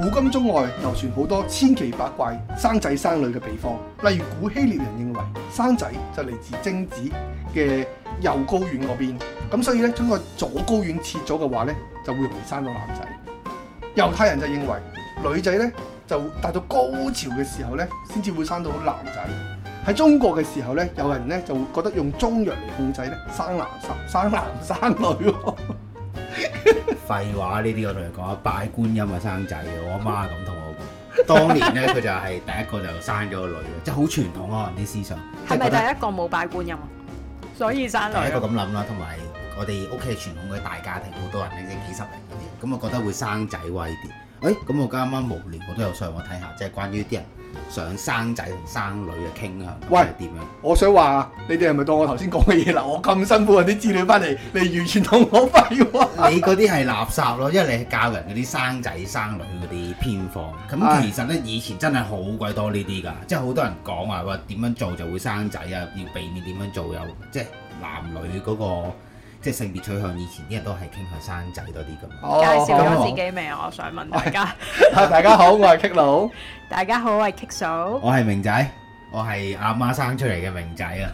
古今中外流傳好多千奇百怪生仔生女嘅秘方，例如古希臘人認為生仔就嚟自精子嘅右睾丸嗰邊，咁所以咧將個左睾丸切咗嘅話呢，就會容易生到男仔；猶太人就認為女仔呢就達到高潮嘅時候呢，先至會生到男仔。喺中國嘅時候呢，有人呢就會覺得用中藥嚟控制呢，生男生，生男生女，哦。廢話，呢啲我同你講啊，拜觀音啊，生仔嘅，我阿媽咁同我講。當年咧，佢就係第一個就生咗個女嘅，即係好傳統咯。啲思想係咪第一個冇拜觀音啊？所以生女。一個咁諗啦，同埋我哋屋企傳統嘅大家庭，好多人，甚至幾十人嗰啲，咁、嗯、我 覺得會生仔威啲。誒、哎，咁我啱啱無聊，我都有上網睇下，即係關於啲人。想生仔同生女嘅傾向，喂點樣？我想話你哋係咪當我頭先講嘅嘢啦？我咁辛苦揾啲資料翻嚟你完全同我廢喎！ 你嗰啲係垃圾咯，因為你係教人嗰啲生仔生女嗰啲偏方，咁其實呢，以前真係好鬼多呢啲㗎，唉即係好多人講話話，點樣做就會生仔啊，要避免點樣做，又即係男女嗰、嗰個。即係性別取向，以前啲人都係傾向生仔多啲咁。介紹咗自己未？哦、 我想問大家。 大家好，我係 K 佬。大家好，我係 Kik 嫂、so。 我係明仔，我係阿媽生出嚟嘅明仔啊。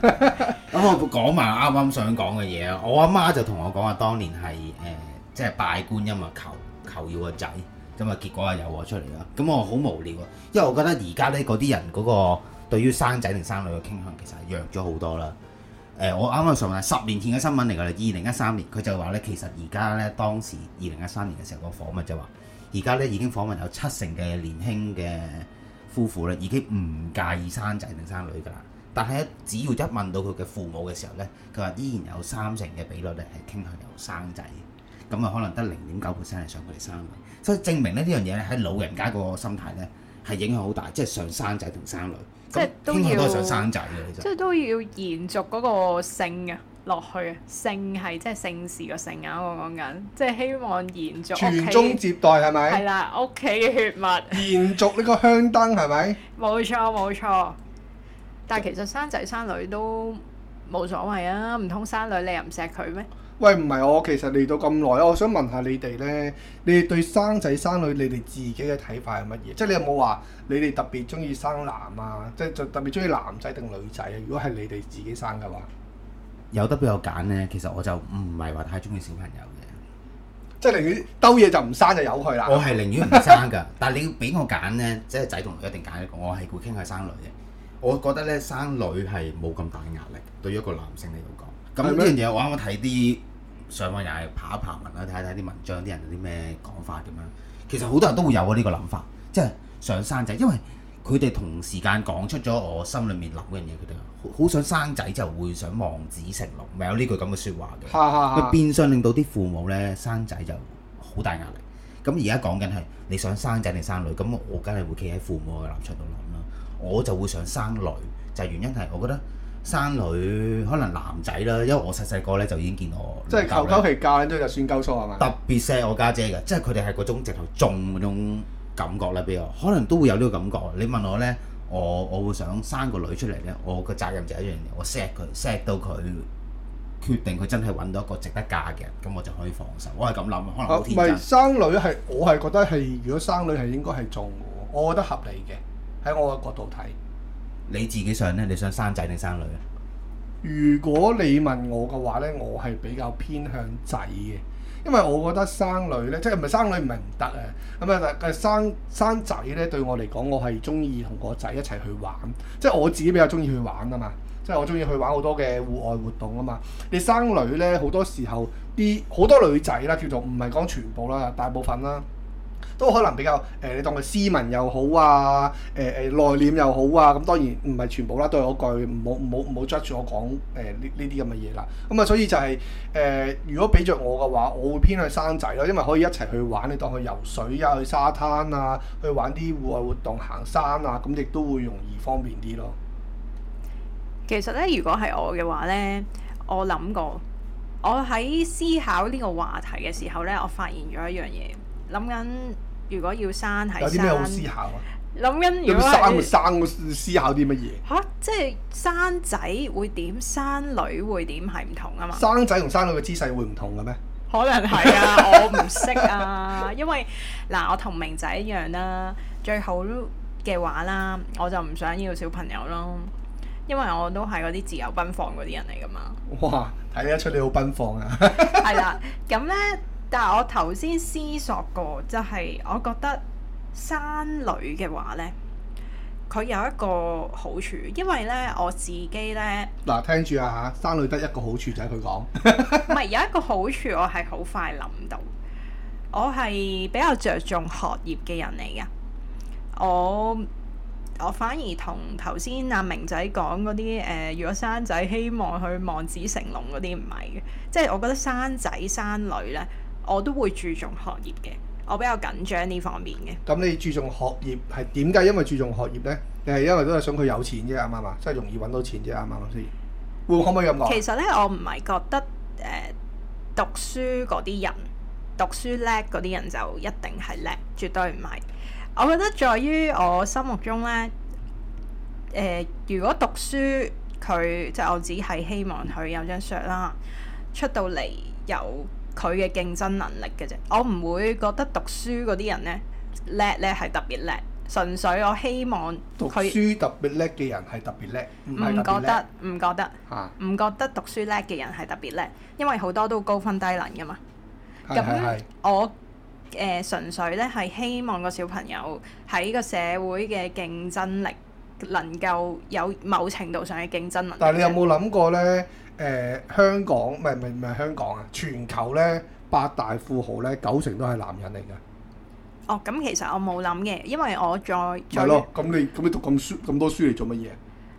咁 我講埋啱啱想講嘅嘢啊，我阿媽就同我講話，當年係誒、呃，即係拜觀音啊求求，求要個仔，咁啊結果啊有我出嚟啦。咁我好無聊啊，因為我覺得而家咧嗰啲人嗰個對於生仔定生女嘅傾向其實係弱咗好多啦。誒，我啱啱上話十年前嘅新聞嚟㗎啦，二零一三年佢就話咧，其實而家咧當時二零一三年嘅時候個訪問就話，而家咧已經訪問有七成嘅年輕嘅夫婦咧已經唔介意生仔定生女㗎啦。但係只要一問到佢嘅父母嘅時候咧，佢話依然有三成嘅比率咧係傾向有生仔，咁啊可能得零點九 percent 係想佢哋生女，所以證明咧呢樣嘢咧喺老人家個心態咧係影響好大，即係想生仔同生女。即係都要，其實即係都要延續嗰個姓啊，落去啊，姓係即係姓氏個姓啊，我講緊，即係希望延續傳宗接代係咪？係啦，屋企嘅血脈延續呢個香燈係咪？冇 錯冇錯，但係其實生仔生女都冇所謂啊，唔通生女你又唔錫佢咩？喂，唔係我其實嚟到咁耐，我想問下你哋咧，你哋對生仔生女你哋自己嘅睇法係乜嘢？即係你有冇話你哋特別中意生男啊？即係就特別中意男仔定女仔啊？如果係你哋自己生嘅話，有得俾我揀咧，其實我就唔係話太中意小朋友嘅，即係寧願兜嘢就唔生就有佢啦。我係寧願唔生噶， 但係你要俾我揀咧，即係仔同女一定揀一個，我係會傾向生女嘅。我覺得咧，生女係冇咁大壓力，對一個男性嚟講。咁呢樣嘢我啱啱睇啲上網又係爬一爬文啦，睇一睇啲文章，啲人有啲咩講法咁樣。其實好多人都會有啊呢個諗法，即係想生仔，因為佢哋同時間講出咗我心裏面諗嘅嘢，佢哋好好想生仔就會想望子成龍，咪有呢句咁嘅説話嘅。佢、啊啊啊、變相令到啲父母咧生仔就好大壓力。咁而家講緊係你想生仔定生女，咁我梗係會企喺父母嘅立場度諗啦。我就會想生女，就係原因係我覺得。生女可能男仔啦，因為我細細個咧就已經見到即係求求其嫁咁樣就算溝錯係嘛？特別錫我家姐嘅，即係佢哋係嗰種直頭縱嗰種感覺啦，比我可能都會有呢個感覺。你問我咧，我我會想生個女出嚟咧，我個責任就係一樣嘢，我錫佢錫到佢決定佢真係揾到一個值得嫁嘅，咁我就可以放手。我係咁諗，可能好天真。唔係生女係我係覺得係，如果生女係應該係縱我，我覺得合理嘅，喺我嘅角度睇。你自己想咧，你想生仔定生女啊？如果你問我嘅話咧，我係比較偏向仔嘅，因為我覺得生女咧，即係唔係生女唔係唔得啊！咁啊，誒，生生仔咧，對我嚟講，我係中意同個仔一齊去玩，即係我自己比較中意去玩啊嘛，即係我中意去玩好多嘅戶外活動啊嘛。你生女咧，好多時候啲好多女仔啦，叫做唔係講全部啦，大部分啦。都可能比較誒、呃，你當佢斯文又好啊，誒、呃、誒、呃、內斂又好啊，咁、嗯、當然唔係全部啦，都係句唔好唔好唔好揸住我講誒呢呢啲咁嘅嘢啦。咁、嗯、啊，所以就係、是、誒、呃，如果俾着我嘅話，我會偏向生仔咯，因為可以一齊去玩，你當去游水啊、去沙灘啊、去玩啲戶外活動、行山啊，咁、嗯、亦都會容易方便啲咯。其實咧，如果係我嘅話咧，我諗過，我喺思考呢個話題嘅時候咧，我發現咗一樣嘢。諗緊如果要生係有啲咩好思考啊？諗緊如果生會生，生思考啲乜嘢？吓、啊，即係生仔會點，生女會點，係唔同啊嘛？生仔同生女嘅姿勢會唔同嘅咩？可能係啊， 我唔識啊，因為嗱，我同明仔一樣啦、啊。最好嘅話啦，我就唔想要小朋友咯，因為我都係嗰啲自由奔放嗰啲人嚟噶嘛。哇，睇得出你好奔放啊！係 啦，咁咧。但係我頭先思索過，就係我覺得生女嘅話呢，佢有一個好處，因為呢，我自己呢，嗱，聽住啊嚇，生女得一個好處就係佢講唔係有一個好處，我係好快諗到，我係比較着重學業嘅人嚟嘅，我我反而同頭先阿明仔講嗰啲誒，如果生仔希望去望子成龍嗰啲唔係嘅，即係我覺得生仔生女呢。我都會注重學業嘅，我比較緊張呢方面嘅。咁你注重學業係點解？因為注重學業呢，你係因為都係想佢有錢啫，啱唔啱啊？即係容易揾到錢啫，啱唔啱先？老師會，可唔可以咁講？其實呢，我唔係覺得誒、呃、讀書嗰啲人讀書叻嗰啲人就一定係叻，絕對唔係。我覺得在於我心目中呢，誒、呃、如果讀書佢即係我只係希望佢有張相啦，出到嚟有。佢嘅競爭能力嘅啫，我唔會覺得讀書嗰啲人呢叻咧係特別叻，純粹我希望讀書特別叻嘅人係特別叻。唔覺得，唔覺得，唔覺得、啊、讀書叻嘅人係特別叻，因為好多都高分低能噶嘛。咁我誒、呃、純粹呢係希望個小朋友喺個社會嘅競爭力能夠有某程度上嘅競爭能力。但係你有冇諗過呢？誒，香港唔係唔係唔係香港啊！全球咧，八大富豪咧，九成都係男人嚟㗎。哦，咁其實我冇諗嘅，因為我再係咯。咁你咁你讀咁書咁多書嚟做乜嘢？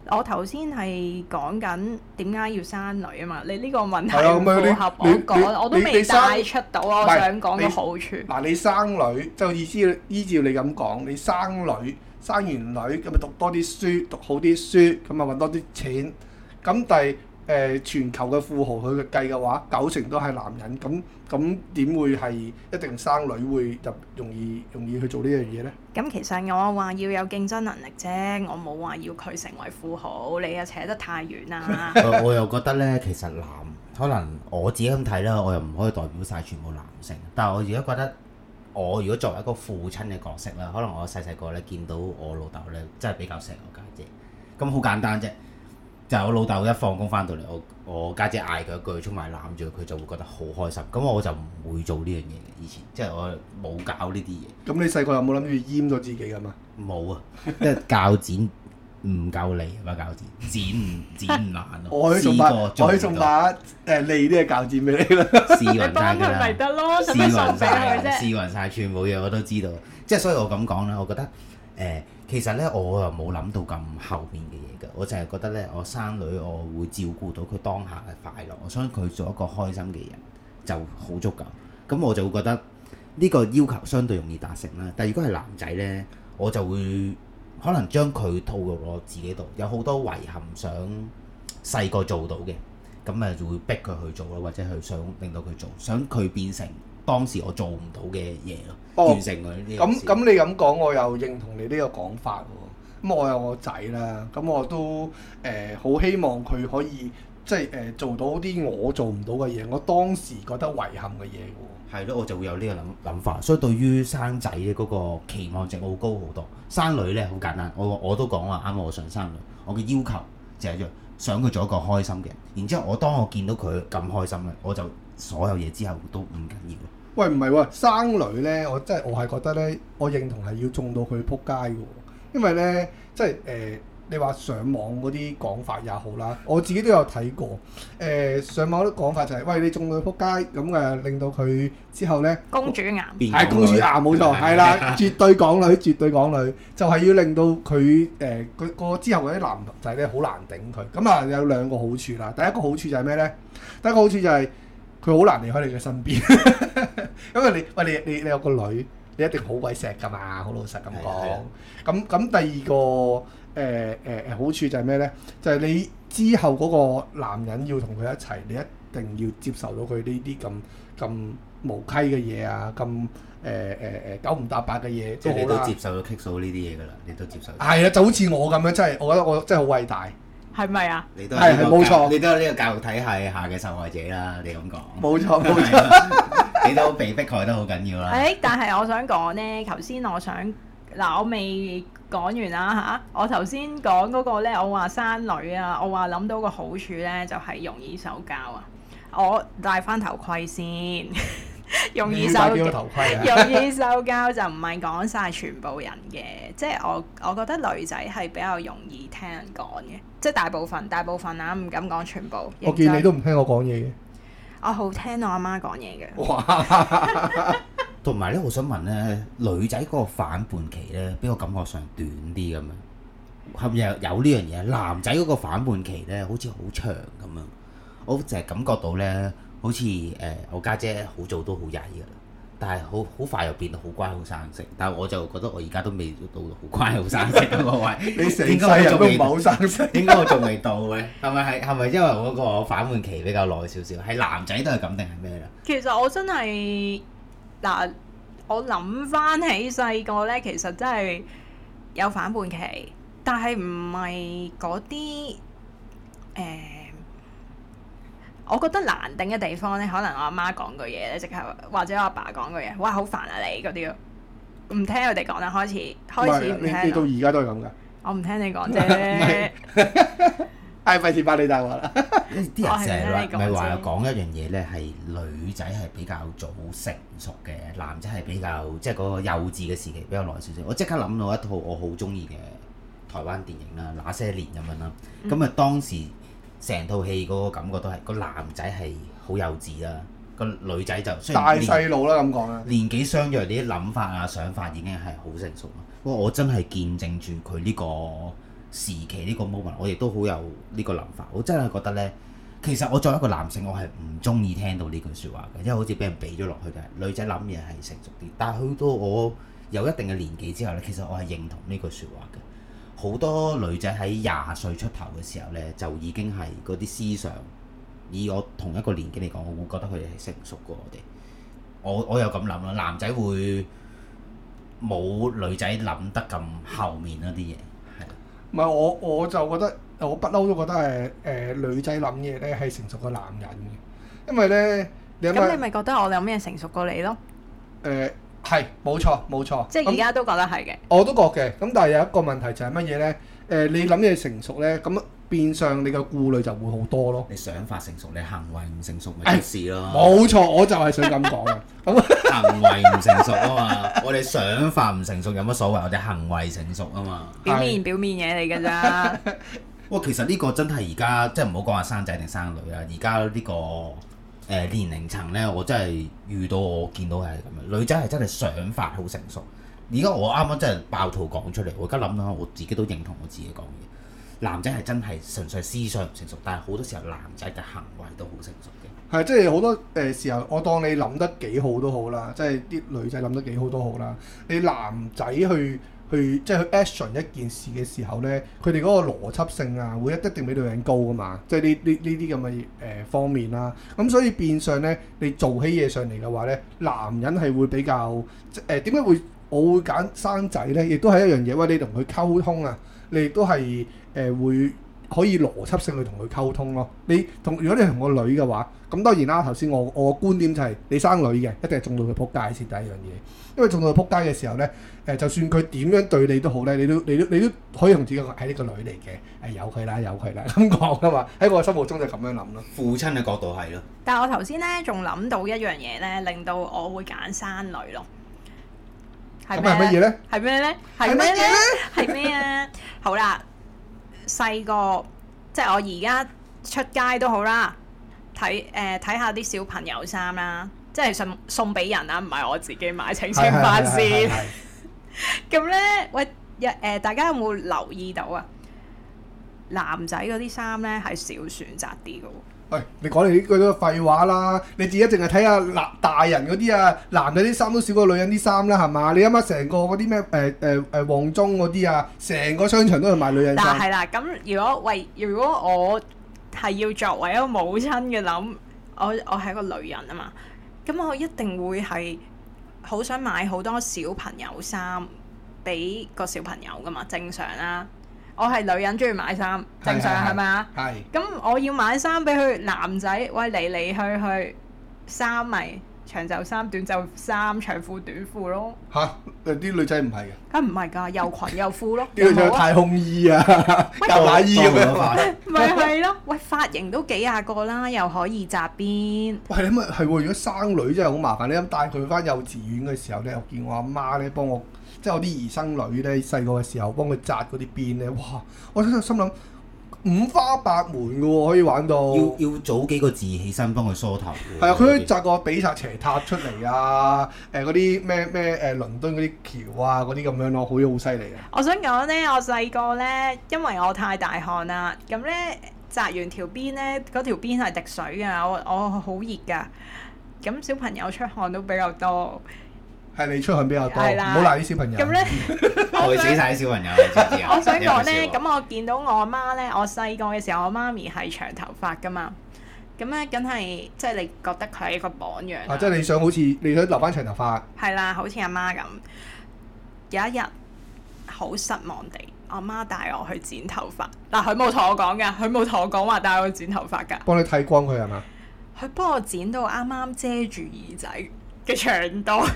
我頭先係講緊點解要生女啊嘛？你呢個問題配合我講，我都未帶出到我想講嘅好處。嗱，你生女就意思依照你咁講，你生女生完女咁咪讀多啲書，讀好啲書咁咪揾多啲錢咁第。誒全球嘅富豪去計嘅話，九成都係男人，咁咁點會係一定生女會就容易容易去做呢樣嘢咧？咁其實我話要有競爭能力啫，我冇話要佢成為富豪，你又扯得太遠啦。我又覺得咧，其實男可能我自己咁睇啦，我又唔可以代表曬全部男性。但係我而家覺得，我如果作為一個父親嘅角色啦，可能我細細個咧見到我老豆咧，真係比較錫我家姐，咁好簡單啫。就我老豆一放工翻到嚟，我我家姐嗌佢一句，沖埋攬住佢，佢就會覺得好開心。咁我就唔會做呢樣嘢嘅，以前即係我冇搞呢啲嘢。咁你細個有冇諗住閹咗自己噶嘛？冇啊，因鉸剪唔夠利。啊嘛，鉸 剪剪剪唔爛咯。我仲以把，我可以從把誒利啲嘅鉸剪俾你啦。試勻曬啦，試勻晒全部嘢我都知道。即係所以我咁講啦，我覺得誒其實咧，我又冇諗到咁後面嘅。我就係覺得咧，我生女，我會照顧到佢當下嘅快樂，我想佢做一個開心嘅人就好足夠。咁我就會覺得呢個要求相對容易達成啦。但如果係男仔呢，我就會可能將佢套入我自己度，有好多遺憾想細個做到嘅，咁啊就會逼佢去做咯，或者係想令到佢做，想佢變成當時我做唔到嘅嘢咯，哦、完成佢呢啲。咁咁你咁講，我又認同你呢個講法喎。咁、嗯、我有我仔啦，咁、嗯、我都誒好、呃、希望佢可以即係誒、呃、做到啲我做唔到嘅嘢。我當時覺得遺憾嘅嘢喎，係咯，我就會有呢個諗諗法，所以對於生仔嘅嗰個期望值好高好多。生女呢，好簡單，我我都講話啱我想生女，我嘅要求就係想佢做一個開心嘅人。然之後我當我見到佢咁開心咧，我就所有嘢之後都唔緊要。喂，唔係喎，生女呢，我真係我係覺得呢，我認同係要中到佢撲街嘅。因為咧，即係誒，你話上網嗰啲講法也好啦，我自己都有睇過。誒，上網嗰啲講法就係，喂，你縱女仆街，咁誒令到佢之後咧，公主癌，係公主癌冇錯，係啦，絕對港女，絕對港女，就係要令到佢誒佢個之後嗰啲男仔咧好難頂佢。咁啊，有兩個好處啦。第一個好處就係咩咧？第一個好處就係佢好難離開你嘅身邊。因為你喂你你你有個女。你一定好鬼錫㗎嘛，好老實咁講。咁咁第二個誒誒誒好處就係咩咧？就係、是、你之後嗰個男人要同佢一齊，你一定要接受到佢呢啲咁咁無稽嘅嘢啊，咁誒誒誒九唔搭八嘅嘢。即係你都接受到棘手呢啲嘢㗎啦，你都接受。係啊，就好似我咁樣，真係我覺得我真係好偉大。係咪啊？你係係冇錯，你都係呢個，個教育體系下嘅受害者啦。你咁講，冇錯冇錯，錯 你都被迫害得好緊要啦。誒，但係我想講呢，頭先我想嗱，啊，我未講完啦，啊，吓，啊，我頭先講嗰個呢，我話生女啊，我話諗到個好處呢，就係、是、容易受教啊。我戴翻頭盔先。 容易受，容易受教 就唔係講晒全部人嘅， 即係我我覺得女仔係比較容易聽人講嘅，即係大部分，大部分啦，唔敢講全部。 就係、我見你都唔聽我講嘢嘅，我好聽我阿媽講嘢嘅。同埋咧，我想問咧，女仔嗰個反叛期咧，俾我感覺上短啲咁樣，係咪有呢樣嘢？男仔嗰個反叛期咧，好似好長咁樣，我淨係感覺到咧。好似誒、呃、我家姐好早都好曳噶，但係好好快又變到好乖好生性。但係我就覺得我而家都未到好乖好生性，我係 你來應該係仲未好生性，應該我仲未到嘅。係咪係係咪因為我個反叛期比較耐少少？係男仔都係咁定係咩啦？其實我真係嗱，我諗翻起細個咧，其實真係有反叛期，但係唔係嗰啲誒。欸我覺得難頂嘅地方咧，可能我阿媽講句嘢咧，即係或者我阿爸講句嘢，哇，好煩啊你！你嗰啲唔聽佢哋講啦，開始開始。到而家都係咁噶。我唔聽你講啫 不是。唉， 費事爆你大話啦。啲人成日唔係話講一樣嘢咧，係女仔係比較早成熟嘅，男仔係比較即係嗰個幼稚嘅時期比較耐少少。我即刻諗到一套我好中意嘅台灣電影啦，《那些年》咁樣啦。咁啊，當時。成套戲嗰個感覺都係個男仔係好幼稚啦，個女仔就雖然年大細路啦咁講啦，年紀相若，啲諗法啊想法已經係好成熟啦。不過我我真係見證住佢呢個時期呢個 moment，我亦都好有呢個諗法。我真係覺得呢，其實我作為一個男性，我係唔中意聽到呢句説話嘅，因為好似俾人俾咗落去就女仔諗嘢係成熟啲。但係去到我有一定嘅年紀之後呢，其實我係認同呢句説話嘅。好多女仔喺廿歲出頭嘅時候呢，就已經係嗰啲思想，以我同一個年紀嚟講，我會覺得佢哋係成熟過我哋。我我又咁諗啦，男仔會冇女仔諗得咁後面嗰啲嘢，係。唔係、嗯、我我就覺得，我不嬲都覺得誒誒、呃、女仔諗嘢呢係成熟過男人，因為呢，咁你咪、嗯、覺得我哋有咩成熟過你咯？呃係，冇錯冇錯。錯錯，即係而家都覺得係嘅。我都覺得嘅，咁但係有一個問題就係乜嘢呢？誒、呃，你諗嘢成熟呢，咁變相你嘅顧慮就會好多咯。你想法成熟，你行為唔成熟咪事咯。冇錯，我就係想咁講嘅。咁 行為唔成熟啊嘛，我哋想法唔成熟有乜所謂？我哋行為成熟啊嘛，表面表面嘢嚟噶咋？哇， 其實呢個真係而家，即係唔好講話生仔定生女啊，而家呢個。呃、年齡層呢，我真係遇到我見到係咁樣，女仔係真係想法好成熟。而家我啱啱真係爆粗講出嚟，我而家諗下，我自己都認同我自己講嘢。男仔係真係純粹思想唔成熟，但係好多時候男仔嘅行為都好成熟嘅。係，即係好多誒時候，我當你諗得幾好都好啦，即係啲女仔諗得幾好都好啦。你男仔去。去即係去 action 一件事嘅時候咧，佢哋嗰個邏輯性啊，會一一定比女人高噶嘛，即係呢呢呢啲咁嘅誒方面啦、啊。咁、嗯、所以變相咧，你做起嘢上嚟嘅話咧，男人係會比較即誒點解會？我會揀生仔咧，亦都係一樣嘢。喂，你同佢溝通啊，你亦都係誒會。可以邏輯性去同佢溝通咯。你同如果你同個女嘅話，咁當然啦。頭先我我嘅觀點就係你生女嘅，一定係縱到佢撲街先，第一樣嘢。因為縱到佢撲街嘅時候咧，誒就算佢點樣對你都好咧，你都你都你都可以同自己講喺呢個女嚟嘅誒，有佢啦，有佢啦咁講噶嘛。喺我心目中就咁樣諗咯。父親嘅角度係咯。但係我頭先咧仲諗到一樣嘢咧，令到我會揀生女咯。咁係乜嘢咧？係咩咧？係咩咧？係咩啊？好啦。細個即係我而家出街都好啦，睇誒睇下啲小朋友衫啦，即係送送俾人啊，唔係我自己買，請先翻先。咁 咧樂， 喂，誒、呃、大家有冇留意到啊？男仔嗰啲衫咧係少選擇啲嘅喂、哎，你講你呢句都廢話啦！你自己淨係睇下男大人嗰啲啊，男嘅啲衫都少過女人啲衫啦，係嘛？你啱啱成個嗰啲咩誒誒誒旺中嗰啲啊，成個商場都係賣女人衫。但係啦，咁如果喂，如果我係要作為一個母親嘅諗，我我係一個女人啊嘛，咁我一定會係好想買好多小朋友衫俾個小朋友㗎嘛，正常啦。我係女人中意買衫，正常係咪啊？係。咁我要買衫俾佢男仔，喂嚟嚟去去衫咪長袖衫、短袖衫、長褲、短褲咯。吓，啲女仔唔係嘅。梗唔係噶，又裙又褲咯。啲仲有太空衣啊，牛仔衣咁樣買。咪係咯，喂髮型都幾啊個啦，又可以紮辮。喂，咁啊係，如果生女真係好麻煩。你咁帶佢翻幼稚園嘅時候咧，又見我阿媽咧幫我。即係我啲兒生女咧，細個嘅時候幫佢紮嗰啲辮咧，哇！我真心諗五花八門嘅喎，可以玩到。要要早幾個字起身幫佢梳頭。係啊、嗯，佢可以紮個比薩斜塔出嚟啊！誒嗰啲咩咩誒倫敦嗰啲橋啊，嗰啲咁樣咯，好好好犀利嘅。我想講咧，我細個咧，因為我太大汗啦，咁咧紮完條辮咧，嗰條辮係滴水㗎，我我好熱㗎。咁小朋友出汗都比較多。係你出去比較多，唔好鬧啲小朋友。咁咧，我會死晒啲小朋友。 我想講咧，咁 我見到我阿媽咧，我細個嘅時候，我媽咪係長頭髮噶嘛，咁咧梗係，即係你覺得佢係一個榜樣。啊、即係你想好似，嗯、你，你想留翻長頭髮。係啦，好似阿媽咁。有一日，好失望地，我媽帶我去剪頭髮。嗱，佢冇同我講噶，佢冇同我講話帶我去剪頭髮噶。幫你剃光佢係嘛？佢幫我剪到啱啱遮住耳仔嘅長度。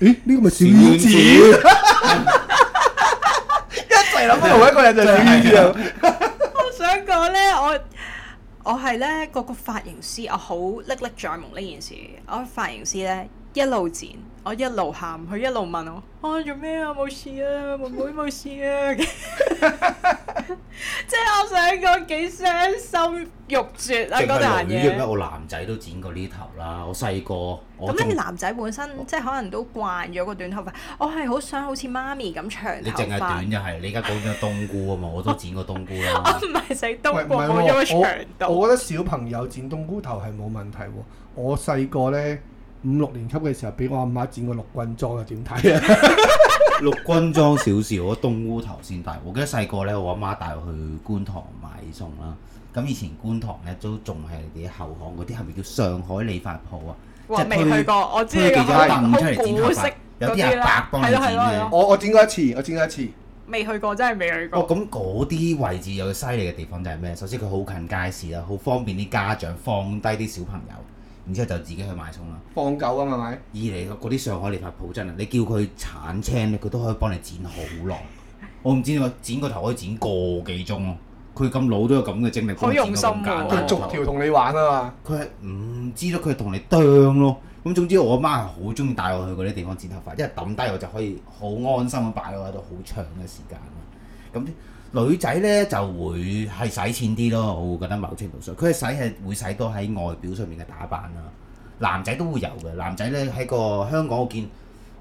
咦，呢個咪小丸子？ 一齊諗都冇一個人就係小丸子啊！我想講咧，我我係咧個個髮型師，我好歷歷在目呢件事，我髮型師咧。一路剪，我一路喊，佢一路問我，啊，做咩啊？冇事啊，妹妹冇事啊！ 即係我想講幾傷心欲絕啊！嗰段嘢。即係男嘅咩？我男仔都剪過呢頭啦。我細個，咁你男仔本身我即係可能都慣咗個短頭髮，我係好想好似媽咪咁長頭髮。你淨係短就係，你而家講緊冬菇啊嘛， 我都剪過冬菇啦。我唔係洗冬菇，我剪咗長度。我覺得小朋友剪冬菇頭係冇問題喎。我細個咧。五六年級嘅時候，俾我阿媽剪過綠軍裝，啊。點睇啊？綠軍裝，小事，我東烏頭先大。我記得細個咧，我阿媽帶我去觀塘買餸啦。咁以前觀塘咧都仲係啲後巷嗰啲，係咪叫上海理髮鋪啊？哇即係推推幾張白紙出嚟剪頭髮，有啲人白幫你剪嘅。我我剪過一次，我剪過一次。未去過，真係未去過。哦，咁嗰啲位置有個犀利嘅地方就係咩？首先佢好近街市啊，好方便啲家長放低啲小朋友。然之後就自己去買餸啦。放狗啊嘛，係咪？二嚟嗰啲上海理髮舖真啊，你叫佢鏟青咧，佢都可以幫你剪好耐。 我唔知點解剪個頭可以剪個幾鐘啊？佢咁老都有咁嘅精力，用心啊！佢逐條同你玩啊嘛。佢係唔知道佢係同你啄咯。咁總之我媽係好中意帶我去嗰啲地方剪頭髮，因為抌低我就可以好安心咁擺我喺度好長嘅時間。咁。女仔咧就會係使錢啲咯，我會覺得某程度上，佢係使係會使多喺外表上面嘅打扮啦。男仔都會有嘅，男仔咧喺個香港，我見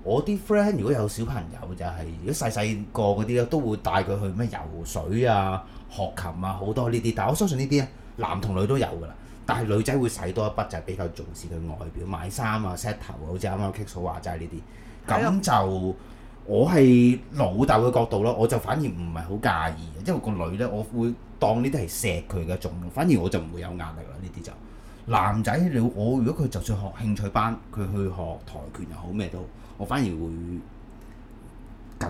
我啲 friend 如果有小朋友就係、是、如果細細個嗰啲咧，都會帶佢去咩游水啊、學琴啊，好多呢啲。但係我相信呢啲咧，男同女都有噶啦。但係女仔會使多一筆，就係比較重視佢外表，買衫啊、set 頭啊，好似啱啱 Kiko 話齋呢啲，咁就。我係老豆嘅角度咯，我就反而唔係好介意，因為個女呢，我會當呢啲係錫佢嘅一種，反而我就唔會有壓力啦。呢啲就男仔你我如果佢就算學興趣班，佢去學跆拳又好咩都好，我反而會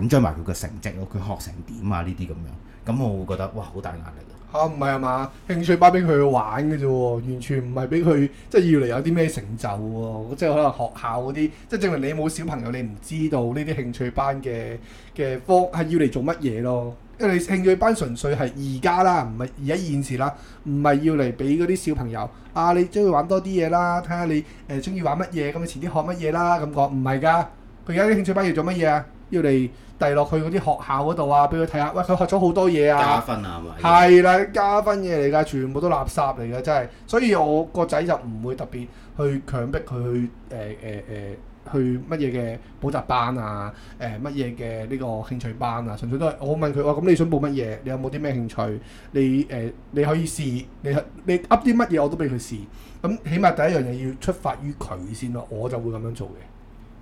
緊張埋佢嘅成績咯，佢學成點啊？呢啲咁樣，咁我會覺得哇，好大壓力。啊，唔係啊嘛，興趣班俾佢去玩嘅啫喎，完全唔係俾佢即係要嚟有啲咩成就喎。即係可能學校嗰啲，即係證明你冇小朋友，你唔知道呢啲興趣班嘅嘅科係要嚟做乜嘢咯。因為你興趣班純粹係而家啦，唔係而家現時啦，唔係要嚟俾嗰啲小朋友啊，你中意玩多啲嘢啦，睇下你誒中意玩乜嘢，咁你前啲學乜嘢啦咁講，唔係㗎。佢而家啲興趣班要做乜嘢啊？要你遞落去嗰啲學校嗰度啊，俾佢睇下。喂，佢學咗好多嘢啊！加分啊，係咪？係啦，加分嘢嚟㗎，全部都垃圾嚟㗎，真係。所以我個仔就唔會特別去強迫佢去誒誒誒去乜嘢嘅補習班啊，誒乜嘢嘅呢個興趣班啊。純粹都係我問佢：哇、哎，咁你想報乜嘢？你有冇啲咩興趣？你誒、呃、你可以試，你你噏啲乜嘢我都俾佢試。咁起碼第一樣嘢要出發於佢先咯，我就會咁樣做嘅。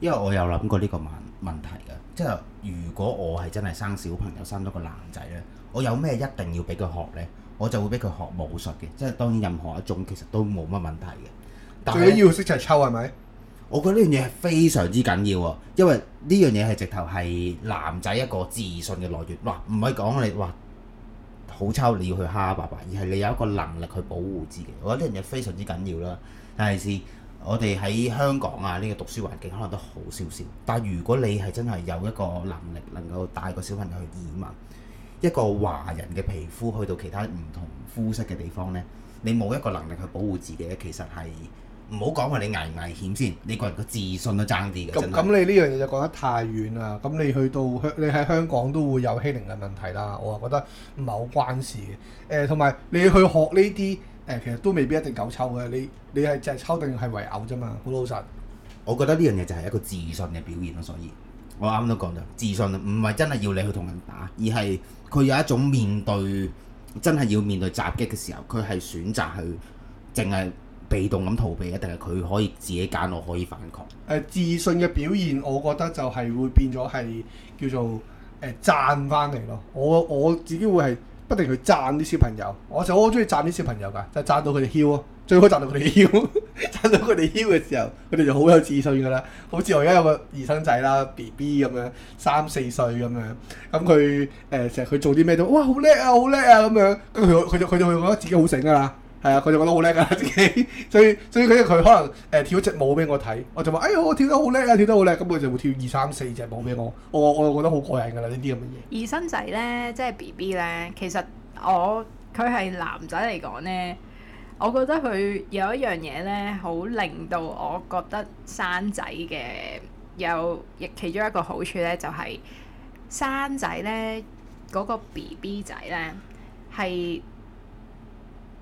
因為我有諗過呢個問問題㗎。即係如果我係真係生小朋友，生咗個男仔呢，我有咩一定要俾佢學呢？我就會俾佢學武術嘅。即係當然任何一種其實都冇乜問題嘅。但最緊要識就抽係咪？我覺得呢樣嘢係非常之緊要啊！因為呢樣嘢係直頭係男仔一個自信嘅來源。哇！唔係講你哇好抽你要去蝦爸爸，而係你有一個能力去保護自己。我覺得呢樣嘢非常之緊要啦。但係先。我哋喺香港啊，呢個讀書環境可能都好少少。但如果你係真係有一個能力，能夠帶個小朋友去移民，一個華人嘅皮膚去到其他唔同膚色嘅地方呢，你冇一個能力去保護自己，其實係唔好講話你危唔危險先，你個人嘅自信都爭啲嘅。咁你呢樣嘢就講得太遠啦。咁你去到香，你喺香港都會有欺凌嘅問題啦。我話覺得唔係好關事嘅。呃、同埋你去學呢啲。誒，其實都未必一定夠抽嘅，你你係就係抽定係圍毆啫嘛，好老實。我覺得呢樣嘢就係一個自信嘅表現咯，所以我啱啱都講咗，自信唔係真係要你去同人打，而係佢有一種面對真係要面對襲擊嘅時候，佢係選擇去淨係被動咁逃避，一定係佢可以自己揀路可以反抗。誒、呃，自信嘅表現，我覺得就係會變咗係叫做誒賺翻嚟咯。我我自己會係。一定去讚啲小朋友，我就好中意讚啲小朋友噶，就係讚到佢哋囂，最好讚到佢哋囂，讚到佢哋囂嘅時候，佢哋就好有自信噶啦。好似我而家有個二生仔啦，B B 咁樣，三四歲咁樣，咁佢誒成日佢做啲咩都哇好叻啊好叻啊咁樣，佢佢就佢就覺得自己好醒噶啦。係啊，佢就覺得好叻啊！自己，所以，所以佢可能誒、呃、跳一隻舞俾我睇，我就話：哎唷，我跳得好叻啊，跳得好叻！咁佢就會跳二三四隻舞俾我，我我又覺得好過癮噶啦！呢啲咁嘅嘢。而生仔咧，即係 B B 咧，其實我佢係男仔嚟講咧，我覺得佢有一樣嘢咧，好令到我覺得生仔嘅有亦其中一個好處咧，就係生仔咧嗰個 B B 仔咧係。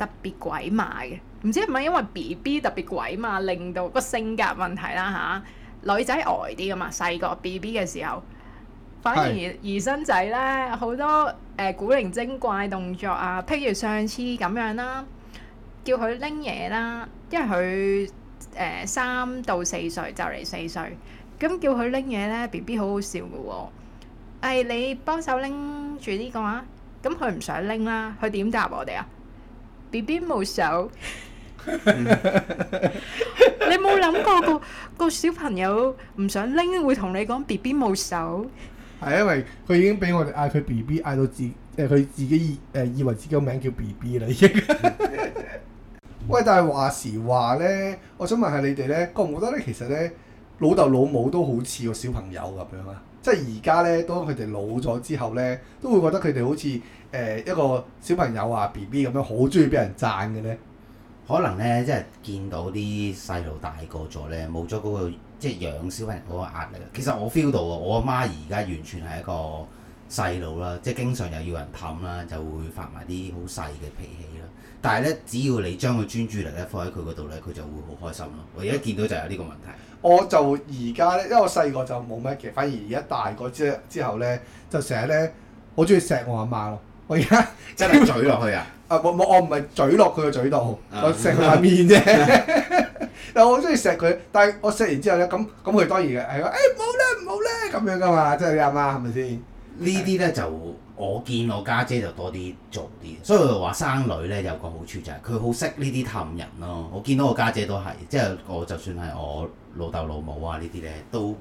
特別鬼馬嘅，唔知係咪因為 B B 特別鬼馬，令到個性格問題啦吓、啊，女仔呆啲㗎嘛，細個 B B 嘅時候，反而兒，是兒生仔咧好多誒、呃、古靈精怪動作啊，譬如上次咁樣啦，叫佢拎嘢啦，因為佢誒三到四歲就嚟四歲，咁叫佢拎嘢咧，B B 好好笑㗎喎、啊。誒、哎，你幫手拎住呢個啊，咁佢唔想拎啦，佢點答我哋啊？B B 冇手， 嗯、 你冇諗過、個個小朋友唔想拎，會同你講 B B 冇手？係 因為佢已經俾我哋嗌佢 B B 嗌到自誒，佢、呃、自己誒以、呃、以為自己個名叫 B B 啦已經。 嗯、喂，但係話時話咧，我想問下你哋咧，覺唔覺得咧？其實咧，老豆老母都好似個小朋友咁樣啊！即係而家咧，當佢哋老咗之後咧，都會覺得佢哋好似誒、呃、一個小朋友啊 B B 咁樣，好中意俾人讚嘅咧。可能咧，即係見到啲細路大個咗咧，冇咗嗰個即係養小朋友嘅壓力。其實我 feel 到啊，我阿媽而家完全係一個細路啦，即係經常又要人氹啦，就會發埋啲好細嘅脾氣啦。但係咧，只要你將佢專注力咧放喺佢個度咧，佢就會好開心咯。我而家見到就有呢個問題。我就而家咧，因為我細個就冇咩嘅，反而而家大個之之後咧，就成日咧好中意錫我阿媽咯。我而家真係嘴落去啊！啊，冇冇，我唔係嘴落佢個嘴度， 我錫佢塊面啫。但我好中意錫佢，但係我錫完之後咧，咁咁佢當然嘅係話：誒唔好咧，唔好咧，咁樣噶嘛，即係你阿媽係咪先？是呢啲咧就我見我家姐，姐就多啲做啲，所以佢就話生女咧有個好處就係佢好識呢啲氹人咯、啊。我見到我家姐，姐都係，即係我就算係我老豆老母啊呢啲咧都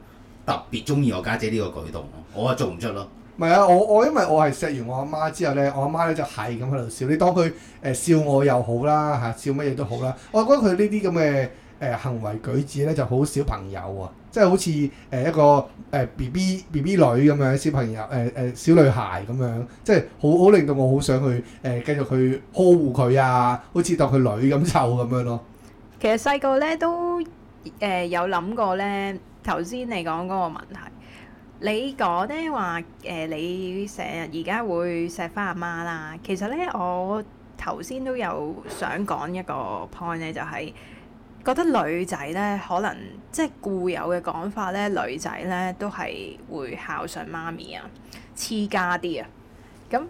特別中意我家姐呢個舉動。我啊做唔出咯。唔係啊，我我因為我係錫完我阿媽之後咧，我阿媽咧就係咁喺度笑。你當佢誒笑我又好啦嚇，笑乜嘢都好啦。我覺得佢呢啲咁嘅誒行為舉止咧就好小朋友啊。即係好似誒一個誒 B B B B 女咁樣，小朋友誒誒小女孩咁樣，即係好好令到我好想去誒、呃、繼續去呵護佢啊，好似當佢女咁湊咁樣咯。其實細個咧都誒有諗過咧，頭先你講嗰個問題，你講咧話誒你成日而家會錫翻阿媽啦。其實咧我頭先都有想講一個 point 咧、就係，就係。覺得女仔呢，可能即係固有嘅講法呢，女仔呢都係會孝順媽咪啊，黐家啲啊，咁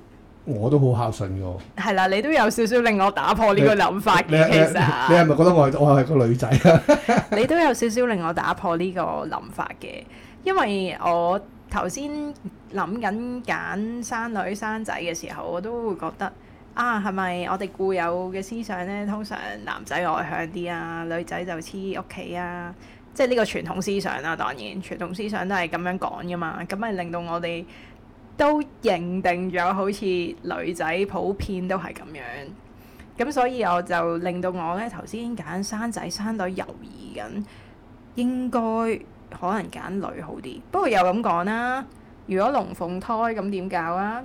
我都好孝順嘅。係啦，你都有少少令我打破呢個諗法嘅，你其實。你係咪覺得我係我係個女仔啊？ 你都有少少令我打破呢個諗法嘅，因為我頭先諗緊揀生女生仔嘅時候，我都會覺得。啊，係咪我哋固有嘅思想呢，通常男仔外向啲啊，女仔就黐屋企啊，即係呢個傳統思想啦、啊。當然，傳統思想都係咁樣講噶嘛，咁咪令到我哋都認定咗好似女仔普遍都係咁樣。咁所以我就令到我呢頭先揀生仔生女猶豫緊，應該可能揀女好啲。不過又咁講啦，如果龍鳳胎咁點搞啊？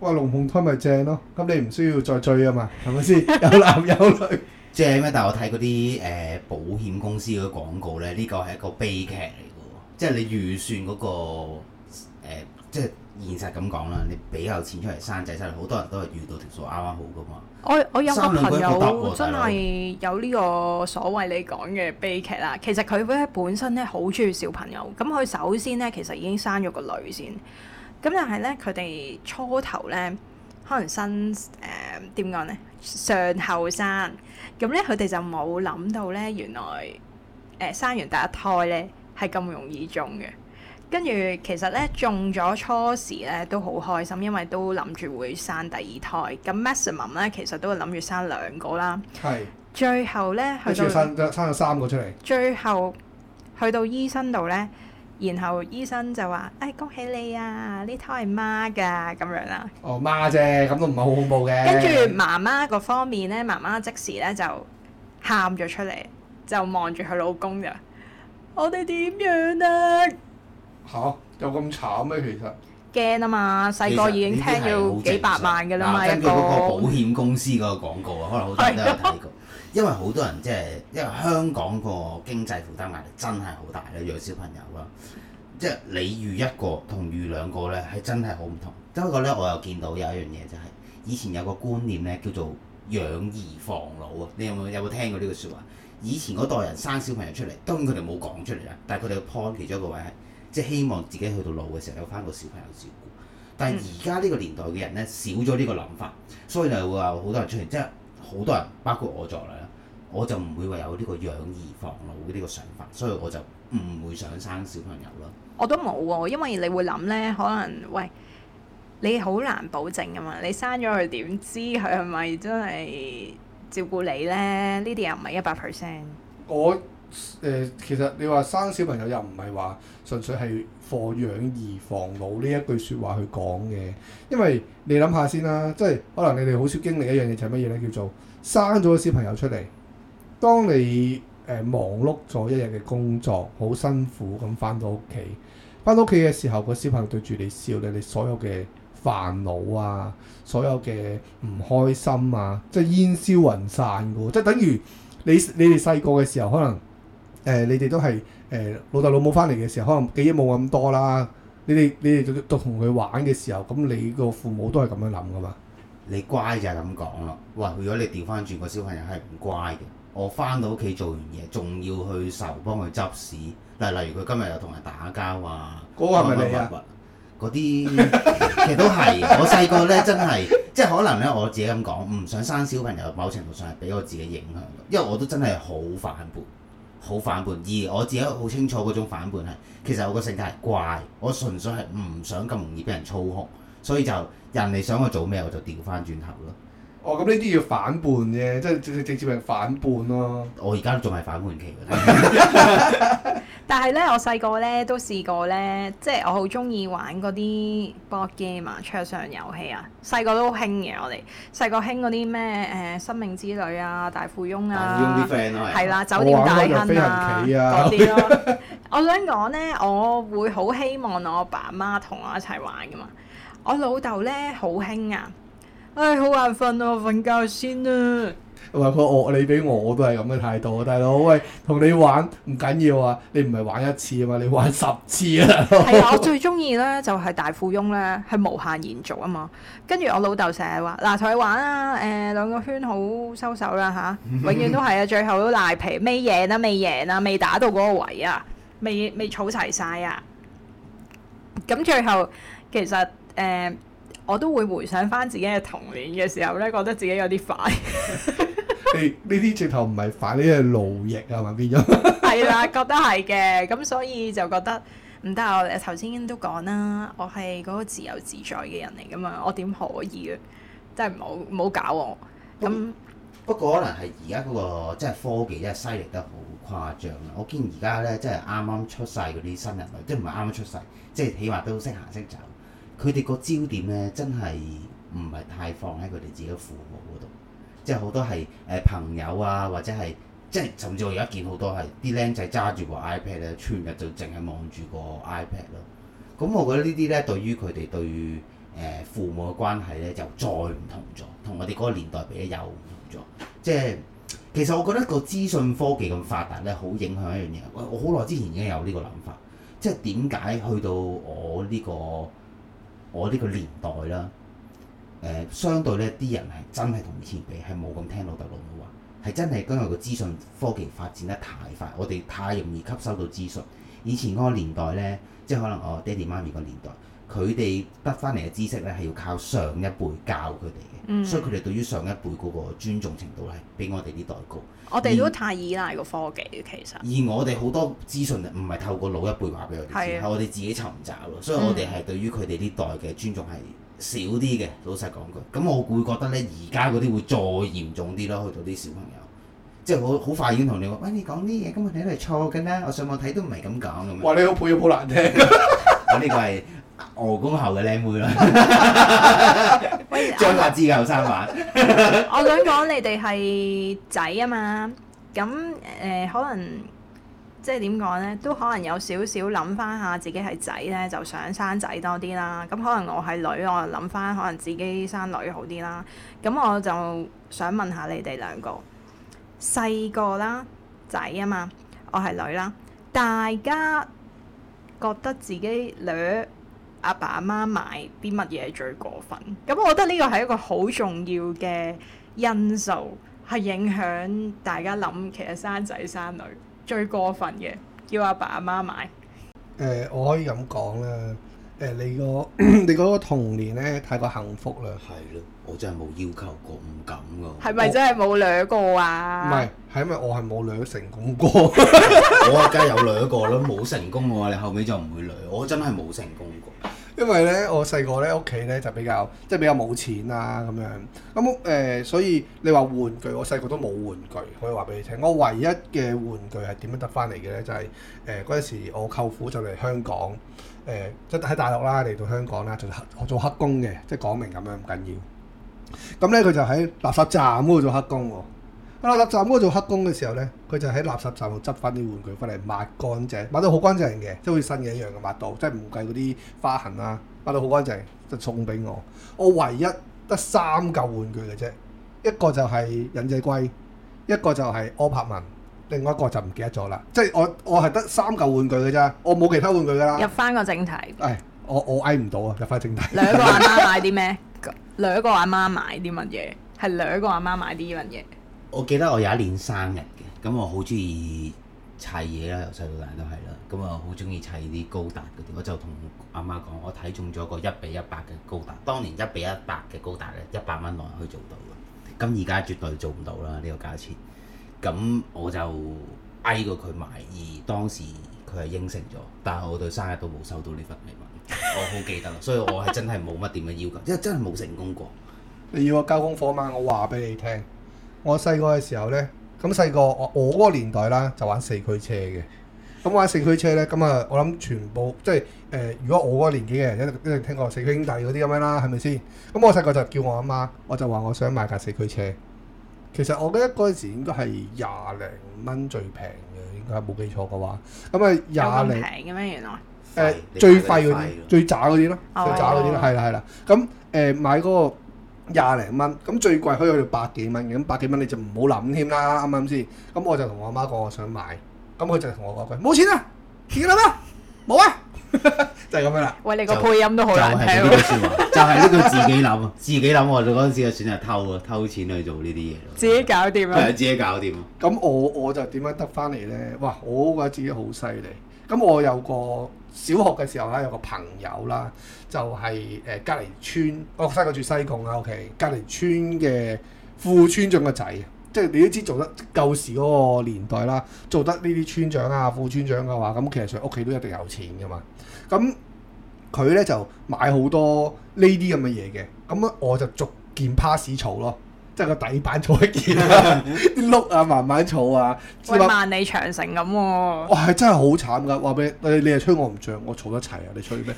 話龍鳳胎咪正咯，咁你唔需要再追啊嘛，係咪先？有男有女，正咩？但係我睇嗰啲誒保險公司嘅廣告咧，呢個係一個悲劇嚟嘅，即係你預算嗰個誒，即係現實咁講啦，你俾夠錢出嚟生仔出嚟，好多人都係遇到條數啱啱好噶嘛。我我有個朋友真係有呢個所謂你講嘅悲劇啦，其實佢咧本身咧好中意小朋友，咁佢首先咧其實已經生咗個女先。咁但係咧，佢哋初頭咧，可能新誒點講咧，上後生，咁咧佢哋就冇諗到咧，原來誒、呃、生完第一胎咧係咁容易中嘅。跟住其實咧，中咗初時咧都好開心，因為都諗住會生第二胎。咁 Maxim 咧其實都諗住生兩個啦。係是。最後咧，佢再生生咗三個出嚟。最後去到醫生度咧。然後醫生就話，哎，恭喜你啊，呢胎係媽㗎，咁樣啦。哦，媽啫，咁都唔係好恐怖嘅。跟住媽媽嗰方面咧，媽媽即時咧就喊咗出嚟，就望住佢老公㗎。我哋點樣啊？嚇、啊，有咁慘咩？其實驚啊嘛，細個已經聽要幾百萬㗎啦嘛。嗱，根據嗰個保險公司嗰個廣告啊，可能好多人都有睇過。 因為好多人即係，因為香港個經濟負擔壓力真係好大啦，養小朋友啦，即係你預一個同預兩個咧，係真係好唔同。不過咧，我又見到有一樣嘢就係，以前有個觀念咧叫做養兒防老啊。你有冇有冇聽過呢個説話？以前嗰代人生小朋友出嚟，當然佢哋冇講出嚟啦，但係佢哋嘅 point 其中一個位係，即係希望自己去到老嘅時候有翻個小朋友照顧。但係而家呢個年代嘅人咧少咗呢個諗法，所以就會有好多人出現，即係好多人，包括我在內啦我就唔會話有呢個養兒防老嘅呢個想法，所以我就唔會想生小朋友咯。我都冇喎、啊，因為你會諗呢，可能喂你好難保證啊嘛。你生咗佢點知佢係咪真係照顧你呢？呢啲又唔係一百 percent。我誒、呃、其實你話生小朋友又唔係話純粹係放養兒防老呢一句説話去講嘅，因為你諗下先啦，即、就、係、是、可能你哋好少經歷一樣嘢就係乜嘢呢？叫做生咗個小朋友出嚟。當你誒忙碌咗一日嘅工作，好辛苦咁翻到屋企，翻到屋企嘅時候，個小朋友對住你笑，你你所有嘅煩惱啊，所有嘅唔開心啊，即係煙消雲散噶喎，即係等於你你哋細個嘅時候，可能誒、呃、你哋都係誒、呃、老豆老母翻嚟嘅時候，可能記憶冇咁多啦。你哋你哋到同佢玩嘅時候，咁你個父母都係咁樣諗噶嘛？你乖就係咁講咯。哇！如果你調翻轉個小朋友係唔乖嘅。我翻到屋企做完嘢，仲要去愁幫佢執屎。嗱，例如佢今日又同人打交啊，嗰個係咪你啊？嗰啲其實都係。 我細個咧真係，即係可能咧我自己咁講，唔想生小朋友，某程度上係俾我自己影響。因為我都真係好反叛，好反叛。而我自己好清楚嗰種反叛係，其實我個性格係怪。我純粹係唔想咁容易俾人操控，所以就人哋想我做咩，我就調翻轉頭咯。哦，咁呢啲要反叛啫，即係直接係反叛咯。我而家仲係反叛期㗎。 但係咧，我細個咧都試過咧，即係我好中意玩嗰啲 board game 啊，桌上遊戲啊。細個都興嘅，我哋細個興嗰啲咩誒生命之旅啊，大富翁啊，係啦，酒店大亨啊，嗰啲咯。我想講咧，我會好希望我爸媽同我一齊玩㗎嘛。我老豆咧好興啊！唉，好眼瞓啊，我瞓覺先啊。唔係佢惡你，俾我都係咁嘅態度啊，大佬。喂，同你玩唔緊要啊，你唔係玩一次啊嘛，你玩十次啊。係 啊，我最中意咧就係、是、大富翁咧，係無限延續啊嘛。跟住我老豆成日話，嗱、啊，同你玩啊，誒、呃，兩個圈好收手啦、啊、吓、啊，永遠都係啊，最後都賴皮，未贏啊，未贏啊，未打到嗰個位啊，未未儲齊晒啊。咁最後其實誒。呃我都會回想翻自己嘅童年嘅時候呢，覺得自己有啲快 呢啲直頭唔係快，呢係奴役啊嘛，變咗。係 啦，覺得係嘅，咁所以就覺得唔得啊！我頭先都講啦，我係嗰個自由自在嘅人嚟噶嘛，我點可以啊？真係唔好搞我。咁不，不過可能係而家嗰個即係科技真係，犀利得好誇張啦。我見而家呢，即係啱啱出世嗰啲新人類，即係唔係啱啱出世，即係起碼都識行識走。佢哋個焦點咧，真係唔係太放喺佢哋自己父母嗰度，即係好多係誒朋友啊，或者係即係甚至我而家見好多係啲僆仔揸住部 iPad 咧，Pad，全日就淨係望住個 iPad 咯。咁、嗯嗯、我覺得呢啲咧，對於佢哋對誒父母嘅關係咧，就再唔同咗，同我哋嗰個年代比又唔同咗。即係其實我覺得個資訊科技咁發達咧，好影響一樣嘢。我好耐之前已經有呢個諗法，即係點解去到我呢、呢個。我呢個年代啦，誒、呃、相對呢啲人係真係同以前比係冇咁聽老豆老母話，係真係今日個資訊科技發展得太快，我哋太容易吸收到資訊。以前嗰個年代呢，即係可能我爹地媽咪個年代。佢哋得翻嚟嘅知識咧，係要靠上一輩教佢哋嘅，嗯、所以佢哋對於上一輩嗰個尊重程度咧，比我哋啲代高。我哋都太依賴個科技，其實。而我哋好多資訊唔係透過老一輩話俾的我哋知，係我哋自己尋找咯。所以我哋係對於佢哋呢代嘅尊重係少啲嘅。嗯、老實講句，咁我會覺得咧，而家嗰啲會再嚴重啲咯。去到啲小朋友，即係好好快已經同你話，喂，你講啲嘢，咁佢睇都係錯嘅啦。我上網睇都唔係咁講嘅。哇！你好，破音好難聽。我呢個係。俄工，哦、後嘅僆妹咯， 張柏芝嘅後生版 我想講，你哋係仔啊嘛，咁誒、呃、可能即係點講呢？都可能有少少諗翻下自己係仔呢，就想生仔多啲啦。咁可能我係女，我諗翻可能自己生女好啲啦。咁我就想問下你哋兩個細個啦，仔啊嘛，我係女啦，大家覺得自己女？阿爸阿媽，媽買啲乜嘢最過分？咁我覺得呢個係一個好重要嘅因素，係影響大家諗。其實生仔生女最過分嘅，叫阿爸阿媽，媽買。誒、呃，我可以咁講啦。誒、呃，你個你嗰個童年咧太過幸福啦。係咯，我真係冇要求過，唔敢㗎。係咪真係冇兩個啊？唔係，係因為我係冇兩成功過。 我梗係有兩個啦，冇成功嘅話，你後尾就唔會攰。我真係冇成功過。因為咧，我細個咧屋企咧就比較即係比較冇錢啦、啊。咁樣，咁誒、呃、所以你話玩具，我細個都冇玩具，可以話俾你聽。我唯一嘅玩具係點樣得翻嚟嘅咧？就係誒嗰陣時我舅父就嚟香港，誒即係喺大陸啦，嚟到香港啦，做我做黑工嘅，即係講明咁樣唔緊要，要。咁咧佢就喺垃圾站嗰度做黑工喎。啊、垃圾站嗰做黑工嘅時候咧，佢就喺垃圾站度執翻啲玩具翻嚟抹乾淨，抹到好乾淨嘅，即係好似新嘅一樣嘅抹到，即係唔計嗰啲花痕啊，抹到好乾淨，就送俾我。我唯一得三嚿玩具嘅啫，一個就係忍者龜，一個就係柯柏文，另外一個就唔記得咗啦。即係我我係得三嚿玩具嘅啫，我冇其他玩具噶啦。入翻個正題，係我我挨唔到啊！入翻正題。兩個阿媽買啲咩？兩個阿媽買啲乜嘢？係兩個阿媽買啲乜嘢？我記得我有一年生日嘅，咁我好中意砌嘢啦，由細到大都係啦，咁啊好中意砌啲高達嗰啲，我就同阿媽講，我睇中咗個一比一百嘅高達，當年一比一百嘅高達咧一百蚊內可以做到㗎，咁而家絕對做唔到啦呢個價錢，咁我就蝦過佢買，而當時佢係應承咗，但係我對生日都冇收到呢份禮物，我好記得，所以我係真係冇乜點嘅要求，因為真係冇成功過。 你要我交功課嘛？我話俾你聽。我細個嘅時候咧，咁細個我我嗰個年代啦，就玩四驅車嘅。咁玩四驅車咧，咁啊，我諗全部即係誒，如果我嗰個年紀嘅人一定一定聽過四驅兄弟嗰啲咁樣啦，係咪先？咁我細個就叫我阿媽，我就話我想買架四驅車。其實我記得嗰陣時應該係廿零蚊最平嘅，應該冇記錯嘅話。咁啊廿零平嘅咩？原來誒，最快嗰啲最渣嗰啲咯，最渣嗰啲咯，係啦係啦。咁誒，買嗰個。廿零蚊，咁最貴可以去到百幾蚊嘅，咁百幾蚊你就唔好諗添啦，啱唔啱先？咁我就同我阿媽講，我想買，咁佢就同我講佢冇錢啊，點諗啊，冇啊，就係咁樣啦。喂，你個配音都好難聽啊！就係呢句說話自己諗，自己諗喎，我哋嗰陣時就選擇偷啊，偷錢去做呢啲嘢咯。自己搞掂咯。係自己搞掂。咁我我就點樣得翻嚟咧？哇！我覺得自己好犀利。咁我有個小學嘅時候咧，有個朋友啦，就係、是、誒、呃、隔離村，我細個住西貢啊，OK，隔離村嘅副村長個仔，即係你都知做得舊時嗰個年代啦，做得呢啲村長啊、副村長嘅話，咁、嗯、其實佢屋企都一定有錢㗎嘛。咁佢咧就買好多呢啲咁嘅嘢嘅，咁、嗯、我就逐件 pass 草咯。即係個底板儲嘢、啊，啲碌、 嗯、啊，慢慢坐啊，好似萬里長城咁喎、啊。哇，真係好慘噶！話俾你，你你係吹我唔漲，我坐得齊啊！你吹咩？